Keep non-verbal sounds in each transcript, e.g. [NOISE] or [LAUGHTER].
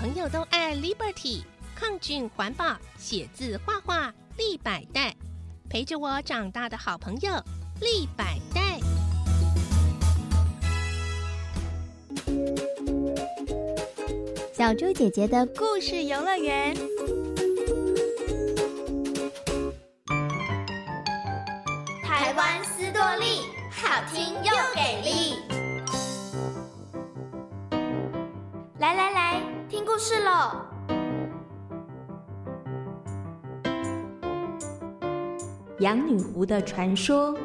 朋友都愛 Liberty，抗菌環保，寫字畫畫，利百代，陪着我長大的好朋友利百代。小豬姐姐的故事遊樂園。是了。養女湖的傳說，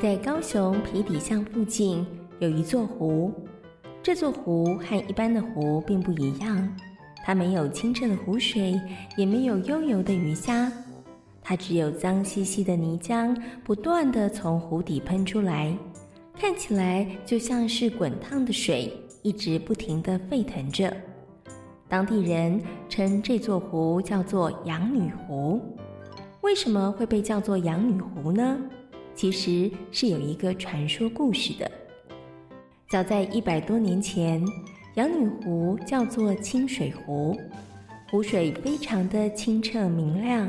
在高雄埤底巷附近有一座湖。這座湖和一般的湖並不一樣，它沒有清澈的湖水，也沒有悠遊的魚蝦，它只有髒兮兮的泥漿不斷的從湖底噴出來，看起來就像是滾燙的水，一直不停的沸騰着。當地人稱這座湖叫做“養女湖”，為什麼會被叫做“養女湖”呢？其實是有一個傳說故事的。早在一百多年前，養女湖叫做清水湖，湖水非常的清澈明亮。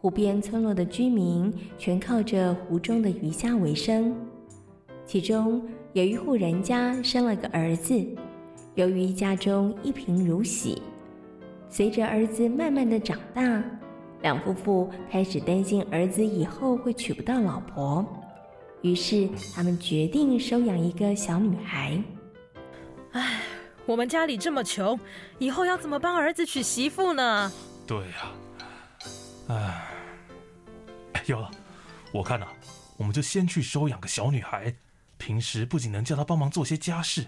湖邊村落的居民全靠着湖中的魚蝦為生。其中有一戶人家生了個兒子，由於家中一貧如洗，隨着兒子慢慢的長大，兩夫婦開始擔心兒子以後會娶不到老婆。於是他們決定收養一個小女孩。哎，我們家裡這麼窮，以後要怎麼幫兒子娶媳婦呢？對呀、啊，哎，有了，我看吶、啊，我們就先去收養個小女孩，平時不僅能叫她幫忙做些家事，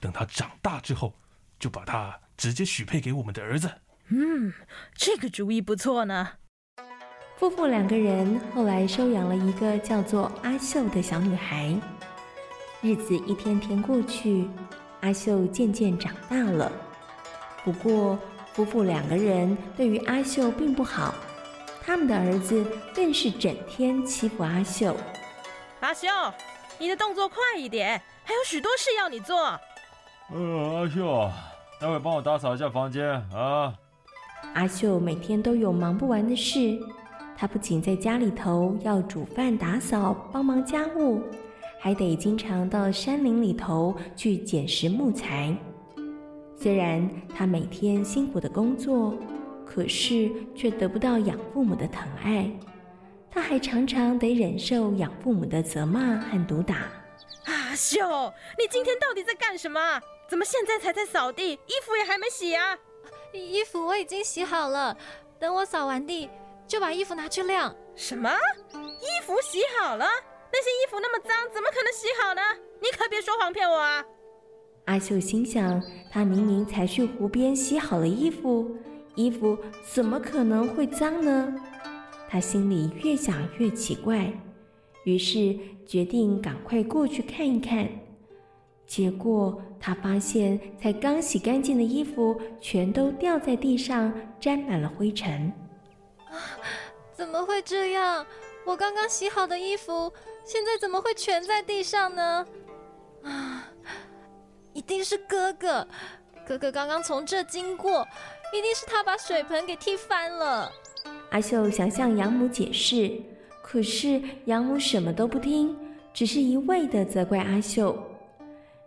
等她長大之後，就把她直接許配給我們的兒子。嗯，這個主意不錯呢。夫婦兩個人後來收養了一個叫做阿秀的小女孩。日子一天天過去，阿秀漸漸長大了。不過，夫婦兩個人對於阿秀並不好，他們的兒子更是整天欺負阿秀。阿秀，你的動作快一點，還有許多事要你做。呃，阿秀，待會幫我打掃一下房間啊。阿秀每天都有忙不完的事。他不僅在家裡頭要煮飯、打掃、幫忙家務，還得經常到山林裡頭去撿拾木材。雖然他每天辛苦的工作，可是卻得不到養父母的疼愛。他還常常得忍受養父母的責罵和毒打。阿秀，你今天到底在幹什麼？怎麼現在才在掃地？衣服也還沒洗啊？衣服我已經洗好了，等我掃完地就把衣服拿去晾。什麼？衣服洗好了？那些衣服那麼髒，怎麼可能洗好呢？你可別說謊騙我啊！阿秀心想，他明明才去湖邊洗好了衣服，衣服怎麼可能會髒呢？他心裡越想越奇怪，於是決定趕快過去看一看。結果他發現，才剛洗乾淨的衣服全都掉在地上，沾滿了灰塵。啊，怎麼會這樣？我剛剛洗好的衣服，現在怎麼會全在地上呢？啊！一定是哥哥，哥哥剛剛從這經過，一定是他把水盆給踢翻了。阿秀想向養母解釋，可是養母什麼都不聽，只是一味的責怪阿秀。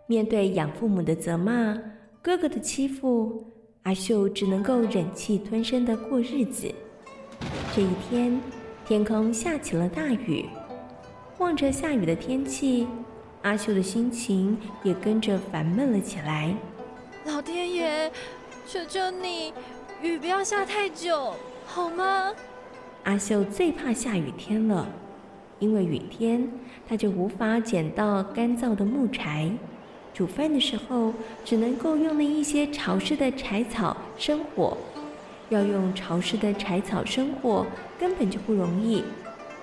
面對養父母的責罵，哥哥的欺負，阿秀只能夠忍氣吞聲的過日子。這一天，天空下起了大雨。望着下雨的天氣，阿秀的心情也跟着煩悶了起來。老天爺，求求你，雨不要下太久，好嗎？阿秀最怕下雨天了，因為雨天她就無法撿到乾燥的木柴，煮飯的時候只能夠用了一些潮濕的柴草生火。要用潮濕的柴草生火，根本就不容易，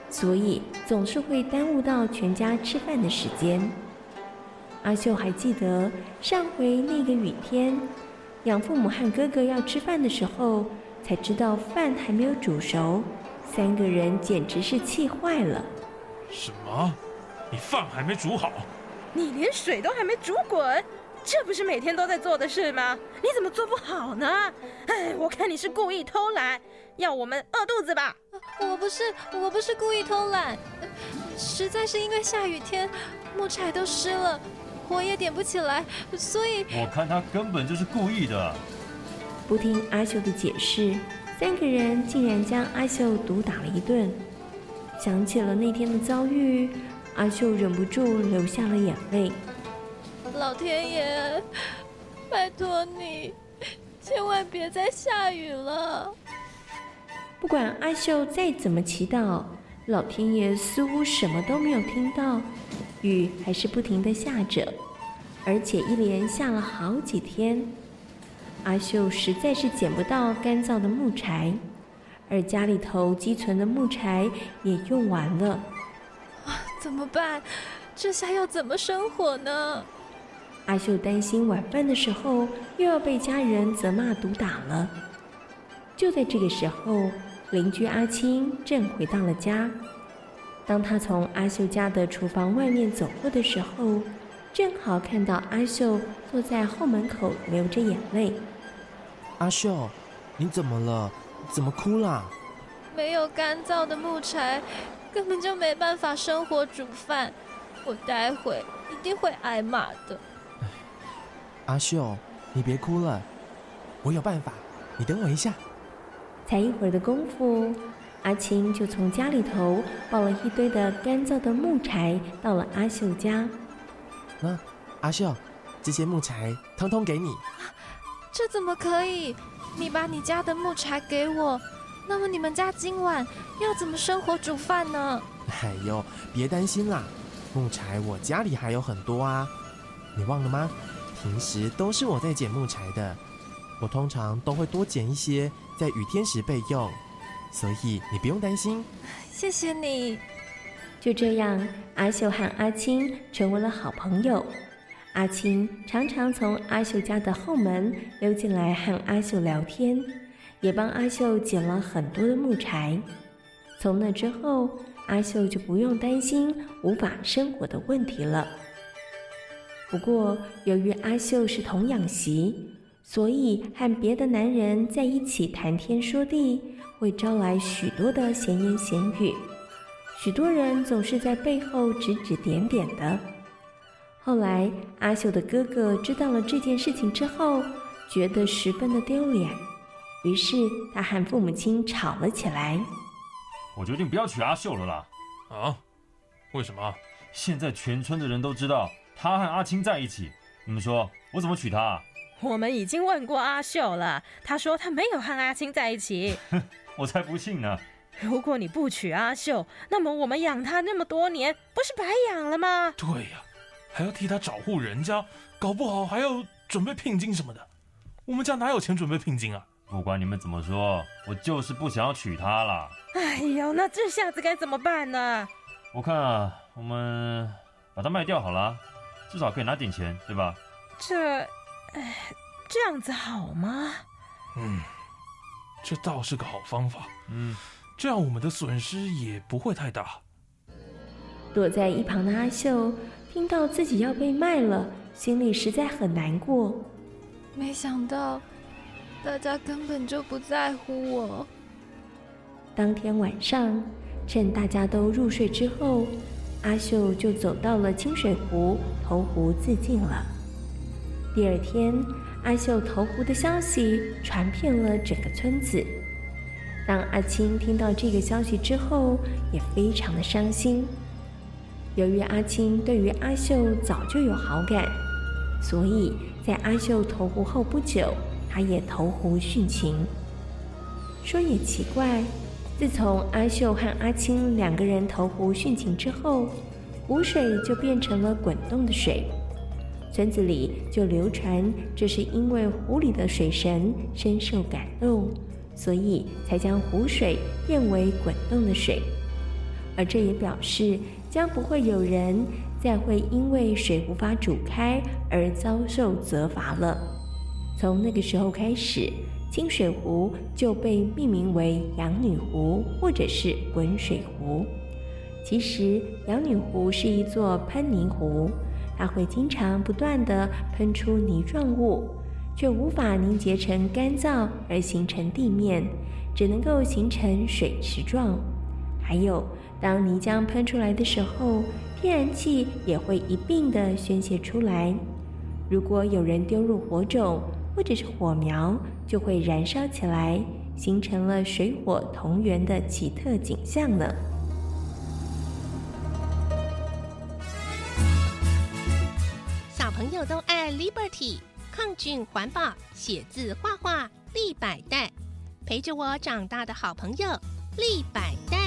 所以總是會耽誤到全家吃飯的時間。阿秀還記得上回那個雨天，養父母和哥哥要吃飯的時候，才知道飯還沒有煮熟，三個人簡直是氣壞了。什麼？你飯還沒煮好？你連水都還沒煮滾！這不是每天都在做的事嗎？你怎麼做不好呢？哎，我看你是故意偷懶，要我們餓肚子吧？我，我不是，我不是故意偷懶，實在是因為下雨天，木柴都濕了，火也點不起來，所以……我看他根本就是故意的。不聽阿秀的解釋，三個人竟然將阿秀毒打了一頓。想起了那天的遭遇，阿秀忍不住流下了眼淚。老天爺，拜託你，千萬別再下雨了！不管阿秀再怎麼祈禱，老天爺似乎什麼都沒有聽到，雨還是不停地下着，而且一連下了好幾天。阿秀實在是撿不到乾燥的木柴，而家裡頭積存的木柴也用完了。怎麼辦？這下要怎麼生火呢？阿秀擔心晚飯的時候又要被家人責罵毒打了。就在這個時候，鄰居阿青正回到了家。當他從阿秀家的廚房外面走過的時候，正好看到阿秀坐在後門口流着眼淚。“阿秀，你怎麼了？怎麼哭了？”“沒有乾燥的木柴，根本就沒辦法生火煮飯。我待會一定會挨罵的。”阿秀，你別哭了，我有辦法，你等我一下。才一會兒的功夫，阿青就從家裡頭抱了一堆的乾燥的木柴到了阿秀家。媽、啊，阿秀，這些木柴通通給你。這怎麼可以？你把你家的木柴給我，那麼你們家今晚要怎麼生火煮飯呢？哎呦，別擔心啦，木柴我家裡還有很多啊，你忘了嗎？平時都是我在撿木柴的，我通常都會多撿一些，在雨天時備用，所以你不用擔心。謝謝你。就這樣，阿秀和阿青成為了好朋友。阿青常常從阿秀家的後門溜進來和阿秀聊天，也幫阿秀撿了很多的木柴。從那之後，阿秀就不用擔心無法生活的問題了。不過，由於阿秀是童養媳，所以和別的男人在一起談天說地，會招來許多的閒言閒語。許多人總是在背後指指點點的。後來，阿秀的哥哥知道了這件事情之後，覺得十分的丟臉，於是他和父母親吵了起來。我決定不要娶阿秀了啦！啊？為什麼？現在全村的人都知道。他和阿青在一起，你們說，我怎麼娶她啊？我們已經問過阿秀了，她說她沒有和阿青在一起。哼， [LAUGHS] 我才不信呢！如果你不娶阿秀，那麼我們養她那麼多年，不是白養了嗎？對呀，還要替她找戶人家，搞不好還要準備聘金什麼的。我們家哪有錢準備聘金啊？不管你們怎麼說，我就是不想要娶她了。哎呦，那這下子該怎麼辦呢？我看啊，我們把她賣掉好了。至少可以拿點錢，對吧？這，哎，這樣子好嗎？嗯，這倒是個好方法。嗯，這樣我們的損失也不會太大。躲在一旁的阿秀聽到自己要被賣了，心裡實在很難過。沒想到，大家根本就不在乎我。當天晚上，趁大家都入睡之後。阿秀就走到了清水湖投湖自盡了。第二天，阿秀投湖的消息傳遍了整個村子。當阿青聽到這個消息之後，也非常的傷心。由於阿青對於阿秀早就有好感，所以在阿秀投湖後不久，他也投湖殉情。說也奇怪。自從阿秀和阿青兩個人投湖殉情之後，湖水就變成了滾動的水。村子裡就流傳，這是因為湖裡的水神深受感動，所以才將湖水變為滾動的水。而這也表示，將不會有人再會因為水無法煮開而遭受責罰了。從那個時候開始。金水湖就被命名為洋女湖，或者是滾水湖。其實洋女湖是一座噴泥湖，它會經常不斷地噴出泥狀物，卻無法凝結成乾燥而形成地面，只能夠形成水池狀。還有，當泥漿噴出來的時候，天然氣也會一併的宣洩出來。如果有人丟入火種，或者是火苗就會燃燒起來，形成了水火同源的奇特景象呢。小朋友都愛 Liberty，抗菌環保，寫字畫畫，立百代，陪着我長大的好朋友，立百代。